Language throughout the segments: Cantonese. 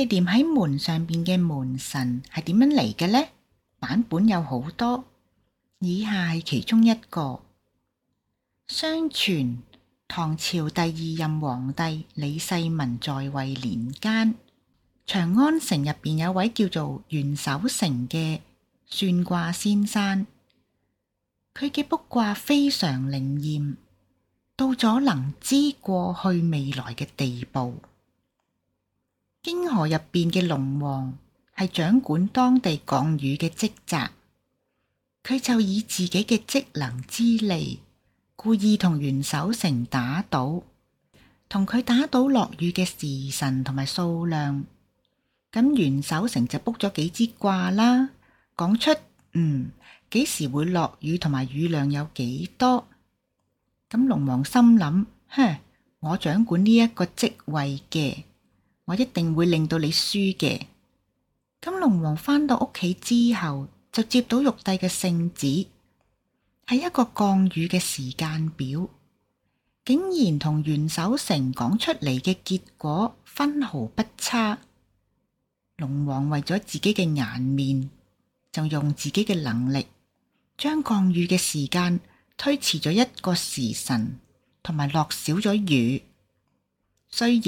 你店喺門上邊嘅門神係點樣嚟嘅呢？版本有好多，以下係其中一個。相傳唐朝第二任皇帝李世民在位年間，長安城入邊有位叫做袁守城嘅算卦先生，佢嘅卜卦非常靈驗，到咗能知過去未來嘅地步。涇河入邊嘅龍王係掌管當地降雨嘅職責，佢就以自己嘅職能之利，故意同袁守誠打賭，同佢打賭落雨嘅時辰同埋數量。咁袁守誠就卜咗幾支卦啦，講出嗯幾時會落雨同埋雨量有幾多。咁龍王心諗，哼，我掌管呢一個職位嘅。我一定會令到你輸嘅。咁龍王翻到屋企之後，就接到玉帝嘅聖旨，係一個降雨嘅時間表，竟然同袁守誠講出嚟嘅結果分毫不差。龍王為咗自己嘅顏面，就用自己嘅能力將降雨嘅時間推遲咗一個時辰，同埋落少咗雨。雖然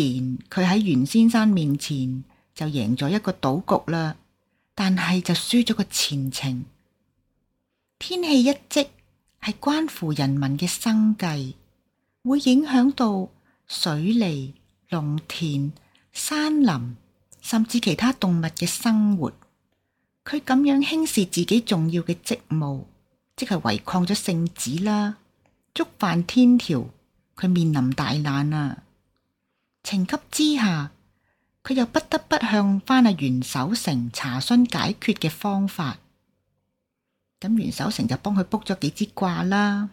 佢喺袁先生面前就贏咗一個賭局啦，但係就輸咗個前程。天氣一積，係關乎人民嘅生計，會影響到水利、農田、山林，甚至其他動物嘅生活。佢咁樣輕視自己重要嘅職務，即係違抗咗聖旨啦，觸犯天條，佢面臨大難啊！情急之下，佢又不得不向翻阿袁守成查詢解決嘅方法。咁袁守成就幫佢卜咗幾支卦啦。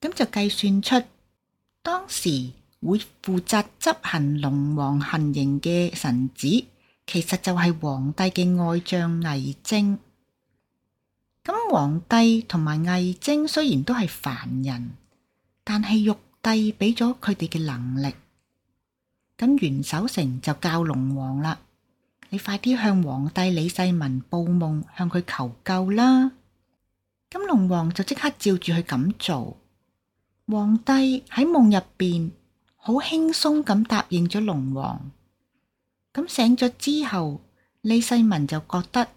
咁就計算出當時會負責執行龍王行刑嘅臣子，其實就係皇帝嘅外將魏徵。咁皇帝同埋魏徵雖然都係凡人，但係玉帝俾咗佢哋嘅能力。咁袁守成就教龍王啦，你快啲向皇帝李世民報夢，向佢求救啦。咁龍王就即刻照住佢咁做，皇帝喺夢入面好輕鬆咁答應咗龍王。咁醒咗之後，李世民就覺得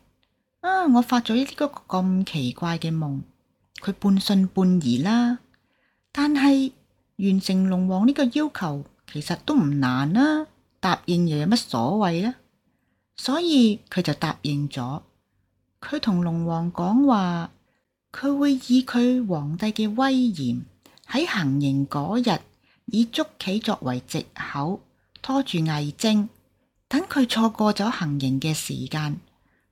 啊，我發咗一個咁奇怪嘅夢，佢半信半疑啦。但係完成龍王呢個要求。其實都唔難啦、啊，答應又有乜所謂呢、啊？所以佢就答應咗。佢同龍王講話，佢會以佢皇帝嘅威嚴喺行刑嗰日以捉棋作為藉口拖住魏徵，等佢錯過咗行刑嘅時間，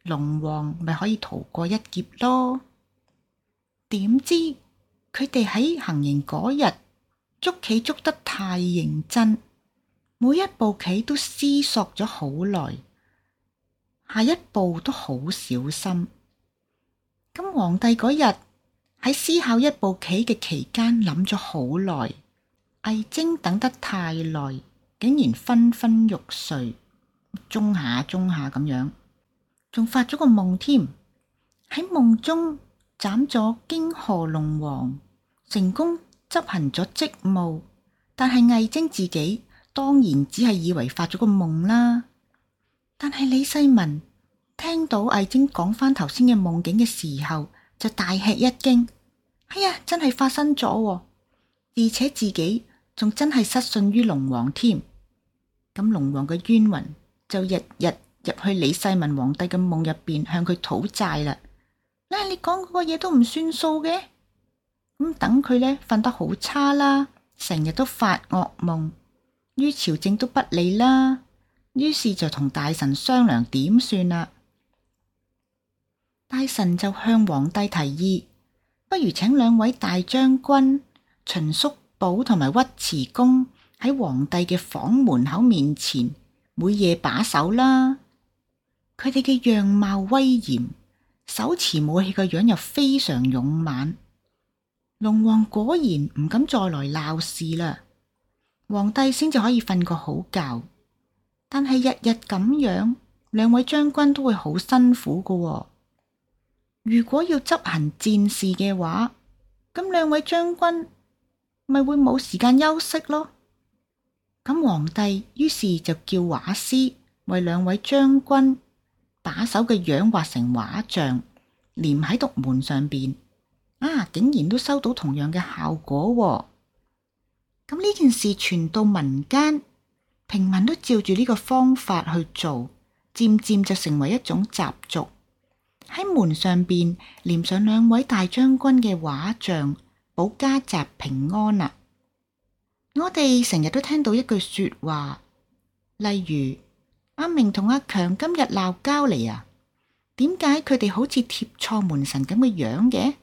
龍王咪可以逃過一劫咯。點知佢哋喺行刑嗰日，捉棋捉得太認真，每一步棋都思索咗好耐，下一步都好小心。咁皇帝嗰日喺思考一步棋嘅期間諗咗好耐，魏徵等得太耐，竟然昏昏欲睡，中下中下咁樣，仲發咗個夢添。喺夢中斬咗涇河龍王，成功。執行咗職務，但係魏徵自己當然只係以為發咗個夢啦。但係李世民聽到魏徵講翻頭先嘅夢境嘅時候，就大吃一驚。哎呀，真係發生咗，啊，而且自己仲真係失信於龍王添。咁龍王嘅冤魂就日日入去李世民皇帝嘅夢入邊向佢討債啦，哎。你講嗰個嘢都唔算數嘅。咁、嗯、等佢咧，瞓得好差啦，成日都發惡夢，於朝政都不利啦。於是就同大臣商量點算啦。大臣就向皇帝提議，不如請兩位大將軍秦叔寶同埋尉遲恭喺皇帝嘅房門口面前每夜把守啦。佢哋嘅樣貌威嚴，手持武器嘅樣又非常勇猛。龍王果然唔敢再來鬧事啦，皇帝先就可以瞓個好覺。但係日日咁樣，兩位將軍都會好辛苦噶喎。如果要執行戰事嘅話，咁兩位將軍咪會冇時間休息咯。咁皇帝於是就叫畫師為兩位將軍把守嘅樣畫成畫像，粘喺度門上邊。啊！竟然都收到同樣嘅效果。哦，咁、嗯、呢件事傳到民間，平民都照住呢個方法去做，漸漸就成為一種習俗。喺門上邊粘上兩位大將軍嘅畫像，保家宅平安啦、啊。我哋成日都聽到一句說話，例如阿明同阿強今日鬧交嚟啊，點解佢哋好似貼錯門神咁嘅樣嘅？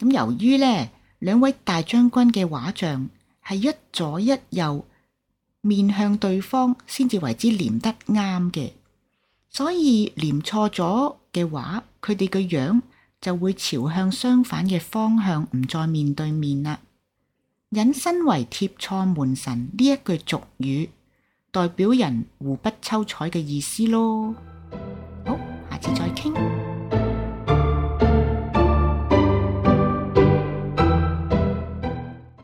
咁由於咧，兩位大將軍嘅畫像係一左一右面向對方，先至為之粘得啱嘅，所以粘錯咗嘅話，佢哋嘅樣就會朝向相反嘅方向，唔再面對面啦。引申為貼錯門神呢一句俗語，代表人互不瞅睬嘅意思咯。好，下次再傾。